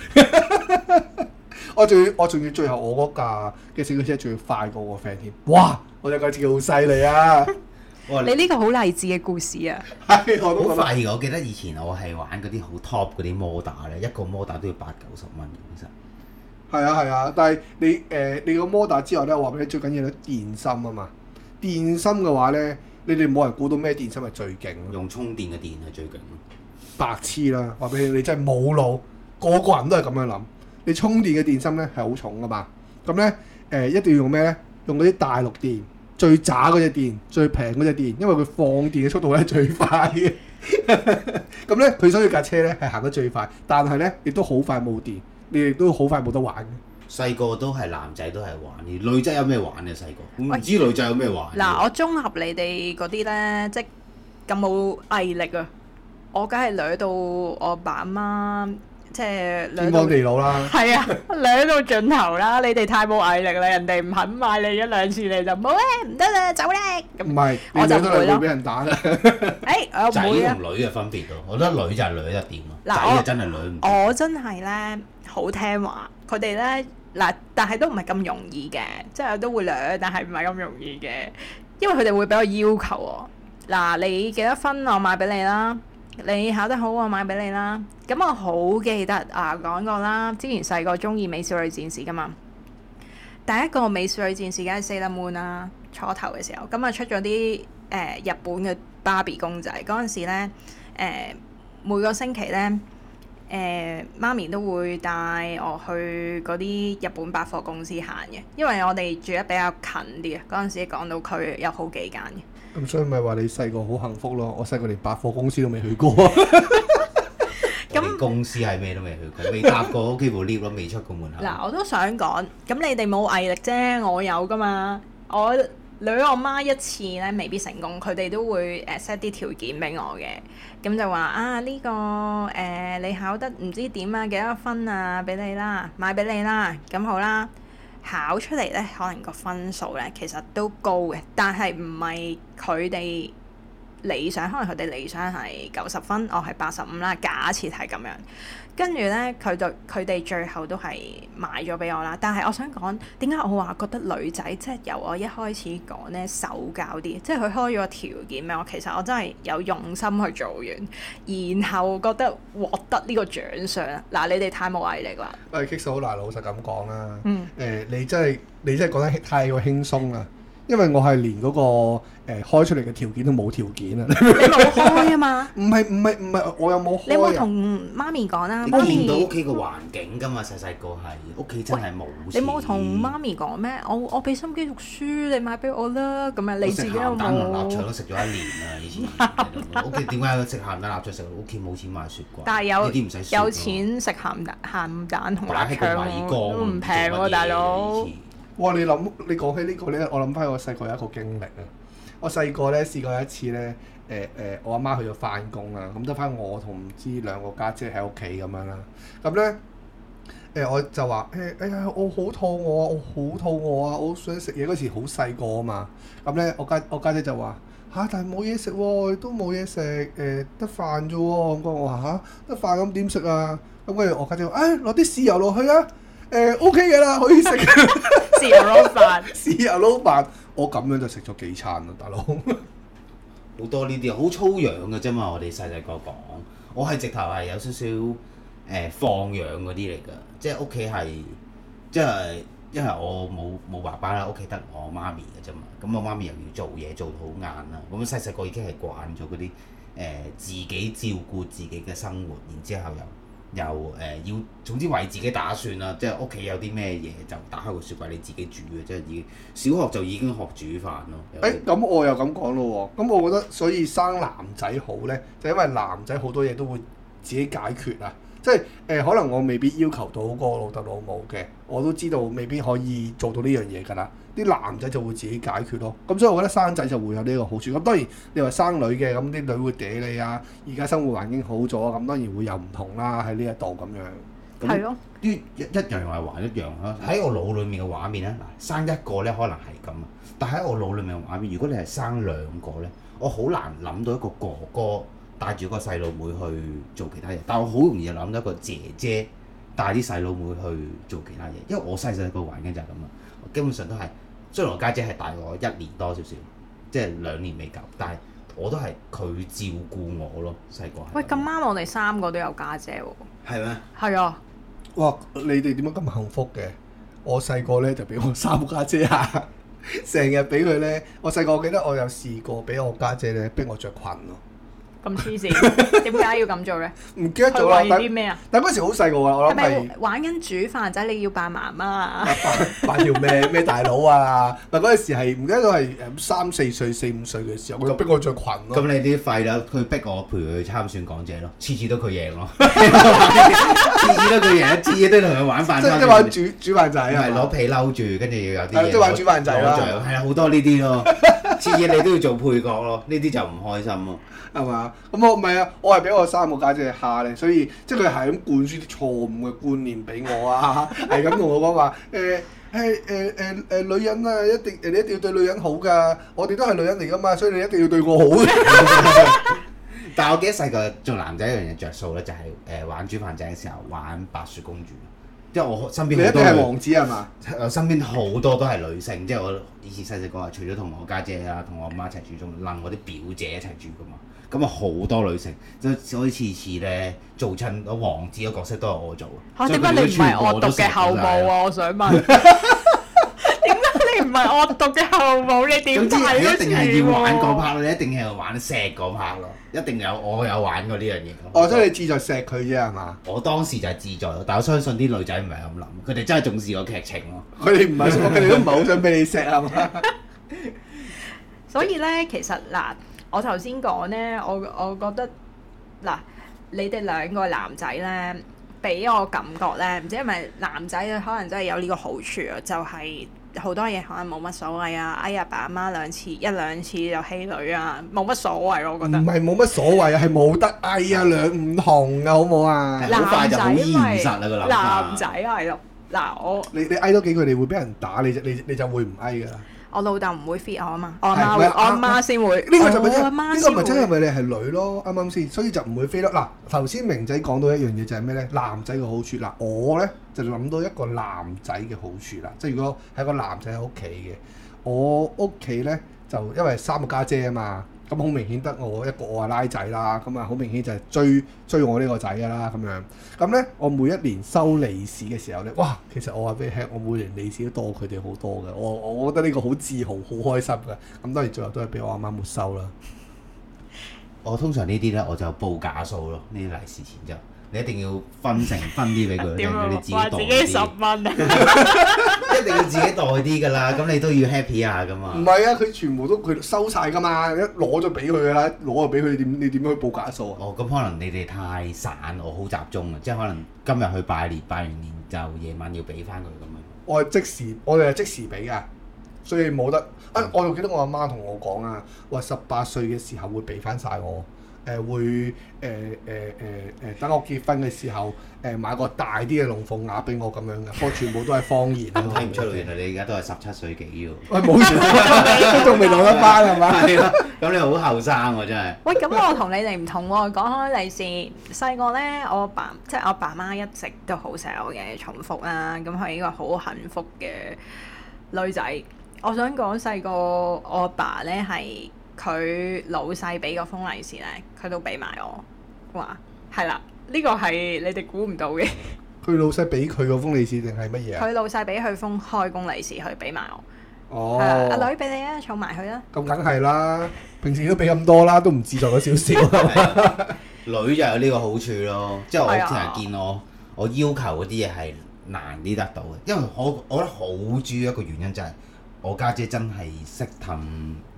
我仲要，我仲要最後我嗰架嘅小汽車仲要快過我 friend 添。哇！我哋架車好犀利啊！ 你呢個好勵志嘅故事啊！ 我好廢嘅。 我記得以前我係玩嗰啲好 top 嗰啲摩打咧，一個摩打都要八九十蚊，其實。係啊係啊，但係你誒、呃、你個 m o 之後咧，我話俾你最緊要咧電芯啊嘛。電芯嘅話咧，你哋冇人估到咩電芯係最勁？用充電嘅電係最勁。白痴啦！話俾你，你真係冇腦。個個人都係咁樣諗。你充電嘅電芯咧係好重噶嘛？咁咧誒，一定要用咩咧？用嗰啲大陸電，最渣嗰隻電，最平嗰隻電，因為佢放電嘅速度咧最快嘅。咁咧佢想要架車咧係行得最快，但係咧亦都好快冇電。你亦都好快冇得玩嘅。細個都係男仔都係玩，而喂女仔有咩玩啊？細個唔知女仔有咩玩。嗱，我綜合你哋嗰啲咧，即咁冇毅力啊，我梗係女到我阿爸阿媽。即係兩到地老啦，係啊，兩到盡頭啦！你哋太冇毅力啦，人哋唔肯買你一兩次，你就唔好咧，唔得啦，走咧！唔係我就唔會咯。哎，仔同女嘅分別咯，我覺得女就係女一點啊，嗱，仔真係女，我真係咧好聽話，佢哋咧嗱，但係都唔係咁容易嘅，即係都會兩，但係唔係咁容易嘅，因為佢哋會俾我要求啊。嗱，你幾多分，我買俾你啦。你考得好，我買俾你啦。咁我好記得啊，講過啦。之前細個中意美少女戰士噶嘛，第一個美少女戰士梗係 Sailor Moon 啦，初頭嘅時候咁啊，出咗啲誒日本嘅芭比公仔，嗰陣時咧誒、呃、每個星期咧。誒媽咪都會帶我去嗰啲日本百貨公司行嘅，因為我哋住得比較近啲啊。嗰陣時講到佢有好幾間嘅。咁所以咪話你細個好幸福咯！我細個連百貨公司都未去過。咁公司係咩都未去過，未搭過，幾乎 lift 都未出過門口。嗱，我都想講，咁你哋冇毅力啫，我有㗎嘛，我。女我媽一次咧，未必成功。佢哋都會誒 set 啲條件俾我嘅，咁就話啊呢、呢個誒、呃、你考得唔知點啊幾多分啊，俾你啦，買俾你啦，咁好啦。考出嚟呢，可能個分數呢其實都高嘅，但係唔係佢哋理想，可能佢哋理想係九十分，我係八十五啦。假設係咁樣。跟住呢，佢對佢哋最後都係買咗俾我啦。但係我想講，點解我話覺得女仔即係由我一開始講呢，手教啲，即係佢開咗個條件咩？我其實我真係有用心去做完，然後覺得獲得呢個獎賞。嗱，你哋太冇毅力啦！誒、哎，棘手難老實咁講啦。嗯、欸。你真係你真係講得太過輕鬆啦。因為我係連嗰、嗰個誒、欸、開出嚟嘅條件都冇條件啊！你冇開啊嘛？唔係唔係唔係，我有冇開有有媽媽啊？你冇同媽咪講啊？你見到屋企個環境㗎嘛？細細個係屋企真係冇。你冇同媽咪講咩？我我俾心機讀書，你買俾我啦。咁啊，你自己又冇。食鹹蛋同臘腸都食咗一年啦，以前屋企點解食鹹蛋臘腸食？屋企冇錢買雪櫃，但有啲唔使雪。有錢食鹹，鹹蛋鹹蛋同臘腸喎，米缸都唔平喎，大佬哥。哇！你諗你講起呢、呢個咧，我諗翻我細個有一個經歷啊。我細個咧試過有一次咧，誒、呃、誒、呃，我阿媽去咗翻工啊，咁得翻我同唔知兩個姐姐家姐喺屋企咁樣啦。咁咧誒，我就話誒、欸，哎呀，我好肚餓，我好肚餓啊，我，我想食嘢嗰時好細個啊嘛。咁咧，我家我家姐，姐就話吓、啊，但係冇嘢食喎，都冇嘢食，誒得飯啫喎。我我話嚇得飯咁點食啊？咁跟住我家姐話，哎攞啲豉油落去啊！誒、欸、，OK 嘅啦，可以食豉油撈飯。豉油撈飯，我咁樣就食咗幾餐啦，大佬。好多呢啲，好粗養嘅啫嘛。我哋細細個講，我係直頭係有少少誒放養嗰啲嚟噶，即係屋企係即係，因為我冇冇爸爸啦，屋企得我媽咪嘅啫嘛。咁我媽咪又要做嘢，做到好晏啦。咁細細個已經係慣咗嗰啲誒自己照顧自己嘅生活，然之後又。又誒要，總之為自己打算啦，即係屋企有啲咩嘢就打開個雪櫃，你自己煮嘅，即係已經小學就已經學煮飯咯。誒，咁、欸、我又咁講咯喎，咁我覺得所以生男仔好咧，就因為男仔好多嘢都會自己解決啊。即係誒，可能我未必要求到個老豆老母嘅，我都知道未必可以做到呢樣嘢㗎啦。啲男仔就會自己解決咯。咁所以我覺得生仔就會有呢個好處。咁當然你話生女嘅，咁啲女會嗲你啊。而家生活環境好咗，咁當然會有唔同啦。喺呢一度咁樣。係咯，啲對、哦、一樣話還，還一樣啦。喺我腦裡面嘅畫面咧，嗱，生一個咧可能係咁，但喺我腦裡面嘅畫面，如果你係生兩個咧，我好難諗到一個哥哥。帶住個細佬妹去做其他嘢，但我好容易就諗到一個姐姐帶啲細佬妹去做其他嘢，因為我細細個環境就係咁啦。基本上都係，雖然我家姐係大我一年多少少，即係兩年未夠，但係我都係佢照顧我咯，細個。喂，咁啱我哋三個都有家姐喎。係咩？係啊。哇！你哋點解咁幸福嘅？我細個呢就俾我三個家姐啊，成日俾佢呢。我細個我記得我有試過俾我家姐呢，逼我着裙咯。咁黐線，點解要咁做咧？唔記得咗啦。啲咩啊？但嗰時好細個啦，我諗係玩緊煮飯仔，你要扮媽媽啊，扮條咩咩大佬啊？但嗰陣時係唔記得咗係三四歲四五歲嘅時候，佢逼我着裙咯。咁你啲廢友，佢逼我陪佢參選港姐咯，次次都佢贏咯，次次都佢贏，次次都同佢玩飯，即係玩煮煮飯仔，係攞被嬲住，跟住要有啲嘢，都玩煮飯仔啦，係啊，好多呢啲咯。次次你都要做配角咯，呢啲就唔開心咯，係嘛？ 咁我唔係啊，我係俾我三個家姐蝦咧，所以即係佢係咁灌輸啲錯誤嘅觀念俾我啊，係咁同我講話誒，係誒誒女人啊，一定你一定要對女人好噶，我哋都係女人嚟噶嘛，所以你一定要對我好。 但係我記得細個做男仔一樣嘢着數咧，就係、是、誒、呃、玩煮飯仔嘅時候玩白雪公主。即係我身邊好多係王子啊嘛，我身邊好多都係女性，即係我以前細細個啊，除咗同我家姐啊，同我媽一齊住，仲楞我啲表姐一齊住噶嘛，咁啊好多女性，所以次次咧做親王子嘅角色都係我做，點解？啊，你唔係惡毒嘅後母啊？我想問。 唔係惡毒嘅後母，你點？總之你一定係要玩嗰 part、啊、你一定係要玩錫嗰 part 咯，一定有我有玩過呢樣嘢。我真係志在錫佢啫，係嘛？我當時就係志在，但我相信啲女仔唔係咁諗，佢哋真係重視個劇情咯。佢哋唔係，佢哋 都唔係好想俾你錫啊嘛。 所以咧，其實嗱，我頭先講咧，我我覺得嗱，你哋兩個男仔咧，俾我感覺咧，唔知係咪男仔可能真係有呢個好處啊，就係、是。好多嘢可能冇乜所謂啊，嗌阿爸阿媽兩次一兩次就欺女啊，冇乜所謂咯、啊，我覺得。唔係冇乜所謂啊，係冇得嗌啊，兩唔同啊，好唔好啊？男仔係男仔係咯，嗱我你你嗌多幾句，你會俾人打你啫，你你，你就會唔嗌噶啦。我老豆唔會飛我啊嘛，阿媽先會，呢個就唔係真，呢個唔真係，咪你係女咯，啱啱先，所以就唔會飛咯。嗱，頭先明仔講到一樣嘢就係咩咧？男仔嘅好處嗱，我咧就諗到一個男仔嘅好處啦，即係如果係個男仔喺屋企嘅，我屋企咧就因為三個家姐啊嘛。咁好、嗯、明顯得我一個，我話拉仔啦，咁啊好明顯就係追追我呢個仔㗎啦，咁樣。咁呢，我每一年收利是嘅時候呢。哇，其實我話俾你聽，我每年利是都多佢哋好多嘅，我我覺得呢個好自豪，好開心嘅。咁、嗯、當然最後都係俾我阿媽，媽沒收啦。我通常呢啲呢，我就報假數咯，呢啲利是錢就，你一定要分成分啲俾佢，令佢知自己十蚊 一定 要自己袋啲噶啦，咁你都要 happy 下噶嘛。唔係啊，佢全部都佢收晒噶嘛，一攞咗俾佢噶啦，攞咗俾佢點？你點樣去報假數啊？哦，咁可能你哋太散，我好集中啊，即係可能今日去拜年，拜完年就夜晚要俾翻佢咁樣。我係即時，我哋係即時俾噶，所以冇得。嗯、啊，我仲記得我阿媽同我講啊，話十八歲嘅時候會俾翻晒我。誒會誒誒誒誒，等我結婚嘅時候，誒、呃、買個大啲嘅龍鳳鴨俾我咁樣嘅，不過全部都係方言， 聽唔出嚟。原來你而家都係十七歲幾喎？喂，冇錯，都仲未攞得返係嘛？咁你好後生喎真係。喂，咁我同你哋唔同喎。講開利是，細個咧，我阿爸即係我爸媽一直都好錫我嘅重複啦、啊。咁佢係一個好幸福嘅女仔。我想講細個我阿爸咧係。佢老細俾個封利是咧，佢都俾埋我，話係啦，呢個係你哋估唔到嘅。佢老細俾佢個封利是定係乜嘢？佢老細俾佢封開工利是，佢俾埋我。哦，阿女俾你啊，儲埋佢啦。咁梗係啦，平時都俾咁多啦，都唔自在咗少少。女就有呢個好處咯，即係我成日見我，我要求嗰啲嘢係難啲得到嘅，因為我我覺得好主要一個原因就係。我家姐，姐真係識氹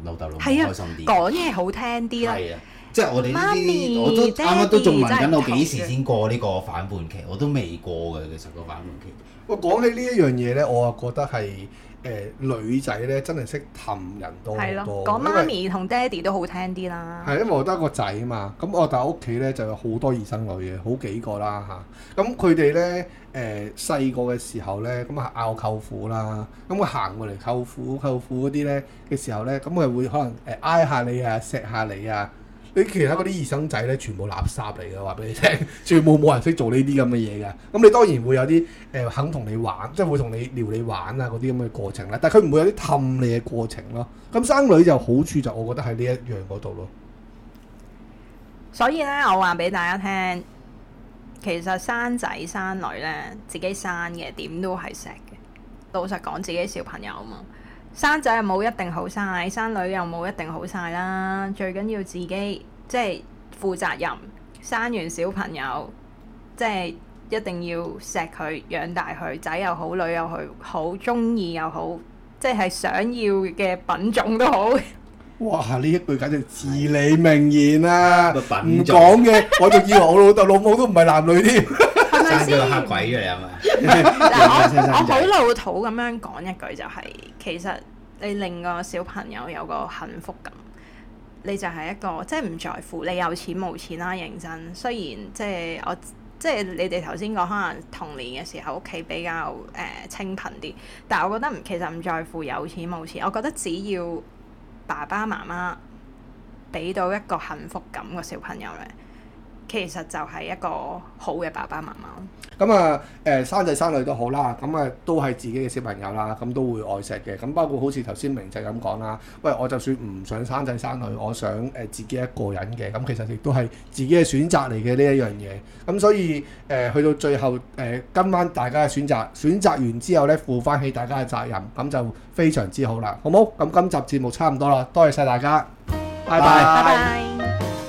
老豆老母，啊、開心啲，講嘢好聽啲咯，啊。即係我哋呢啲，咪我都啱啱都仲問緊我幾時先過呢個反叛期，我都未過嘅。其實個反叛期，哇！講起呢一樣嘢咧，我啊覺得係。誒、呃、女仔咧真係識氹人多好多，講、嗯、為媽咪同爹哋都好聽啲啦。係因為我得個仔嘛，咁我哋屋企咧就有好多姨生女嘅，好幾個啦嚇。咁佢哋咧誒細個嘅時候咧，咁啊拗舅父啦，咁佢行過嚟舅父舅父嗰啲咧嘅時候咧，咁佢係會可能誒挨下你啊，錫下你啊。你其他嗰啲二生仔咧，全部垃圾嚟嘅，話俾你聽，全部冇人識做呢啲咁嘅嘢嘅。咁你當然會有啲誒、呃、肯同你玩，即係會同你撩你玩啊嗰啲咁嘅過程啦。但係佢唔會有啲氹你嘅過程咯。咁生女就好處就，我覺得喺呢一樣嗰度咯。所以咧，我話俾大家聽，其實生仔生女咧，自己生嘅點都係錫嘅。老實講，自己小朋友啊嘛。生仔又冇一定好晒，生女又冇一定好晒啦。最緊要自己即係負責任，生完小朋友即係一定要錫佢養大佢。仔又好，女又好，中意又好，即係想要嘅品種都好。哇！呢一句簡直至理名言啊！唔講嘅，我仲以為我老豆老母都唔係男女添。 先嚇鬼嘅有嘛？我我好老土咁樣講一句就係、是，其實你令個小朋友有個幸福感，你就係一個即係唔在乎你有錢冇錢啦、啊。認真雖然即係我即係你哋頭先講，可能童年嘅時候屋企比較誒、呃、清貧啲，但我覺得唔其實唔在乎有錢冇錢。我覺得只要爸爸媽媽俾到一個幸福感個小朋友咧，其實就係一個好嘅爸爸媽媽。咁啊、嗯，誒生仔生女好都好啦，咁啊都係自己嘅小朋友啦，咁都會愛錫嘅。咁包括好似頭先明仔咁講啦，喂，我就算唔想生仔生女，我想誒自己一個人嘅，咁其實亦都係自己嘅選擇嚟嘅呢一樣嘢。咁所以誒、呃、去到最後誒今晚大家嘅選擇，選擇完之後呢，負翻起大家嘅責任，咁就非常之好啦，好冇？咁今集節目差唔多啦，多謝晒大家，拜拜。拜拜拜拜。